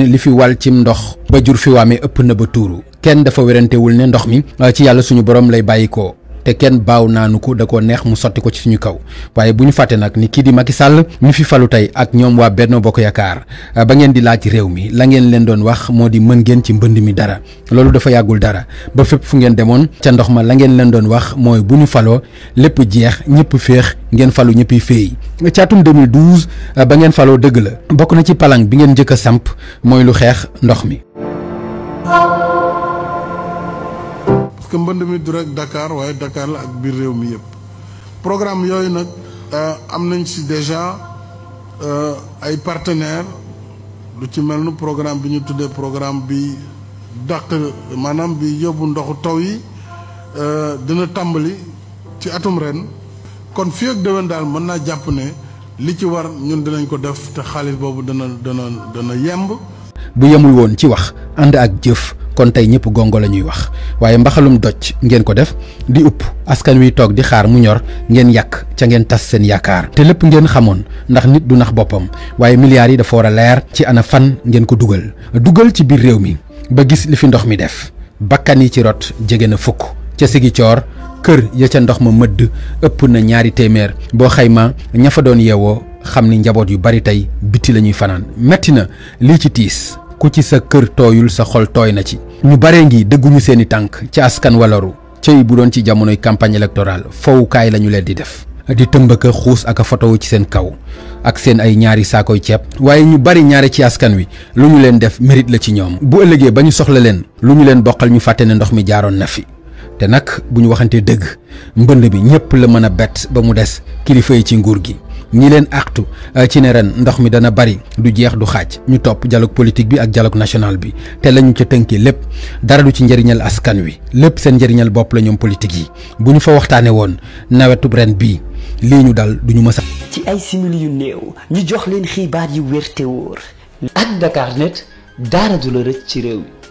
li fi wal cim ndox ba jur fi waame ëpp na ba tuuru kenn dafa werantewul ne ndox mi ci yàlla suñu borom lay bàyyi bàyyikoo te kenn baaw naanu ko da ko neex mu sotti ko ci suñu kaw waaye bu ñu fàtte nag ni kii di Macky sàll ñu fi falu tey ak ñoom waa benn Bokk Yaakaar ah, ba ngeen di laaj réew mi la ngeen leen doon wax moo di mën ci mbënd mi dara loolu dafa yàggul dara ba fépp fu ngeen demoon ca ndox ma la ngeen leen doon wax mooy bu ñu faloo lépp jeex ñëpp féex ngeen falu ñëpp yi féey caatum 2012 ah, ba ngeen faloo dëgg la bokk na ci palang bi ngeen njëkk a samp mooy lu xeex ndox mi que mbënd mi du rek Dakar waaye Dakar la ak biir réew mi yëpp programme yooyu nag euh, am nañ si déjà euh, ay partenaires lu ci mel ni programme bi ñu tuddee programme bi dàq maanaam bi yóbbu ndoxu taw yi euh, dina tàmbali ci atum ren kon fii ak déwén daal mën naa jàpp ne li ci war ñun dinañ ko def te xaalis boobu dana dana dana yemb. bu yemul woon ci wax ànd ak jëf. kon tey ñëpp gongo la ñuy wax waaye mbaxalum doj ngeen ko def di upp askan wi toog di xaar mu ñor ngeen yàq ca ngeen tas seen yaakaar te lépp ngeen xamoon ndax nit du nax boppam waaye milliards yi dafa war a leer ci ana fan ngeen ko dugal dugal ci biir réew mi ba gis li fi ndox mi def bakkan yi ci rot jege na fukk ca sigi kër ya ca ndox ma mëdd ëpp na ñaari téeméer boo xayma ña fa doon yeewoo xam ni njaboot yu bari tey biti la ñuy fanaan metti na lii ci tiis ku ci sa kër tooyul sa xol tooy na ci ñu bare ngi dëgguñu seeni tànk ci askan walaru cëy bu doon ci jamonoy campagne électorale fowukaay la ñu leen di def di tëmbaka xuus ak a fotowu ci seen kaw ak seen ay ñaari saakoy ceeb waaye ñu bari ñaare ci askan wi lu ñu leen def mérite la ci ñoom bu ëllëgee ba ñu soxla leen lu ñu leen boqal ñu fàtte ne ndox mi jaaroon na fi te nag bu ñu waxante dëgg mbënd bi ñëpp la mën a bett ba mu des kilifa yi ci nguur gi ñi leen àxtu euh, ci ne ren ndox mi dana bari du jeex du xaaj ñu topp dialogue politique bi ak dialogue national bi te la ñu ca tënkee lépp dara du ci njëriñal askan wi lépp seen njëriñal bopp la ñoom politique yi bu ñu fa waxtaanee woon nawetub ren bii lii ñu dal duñu ñu mës a ci ay simili yu néew ñu jox leen xibaar yu wér te ndakaar ak Dakarnet dara du la rëcc ci réew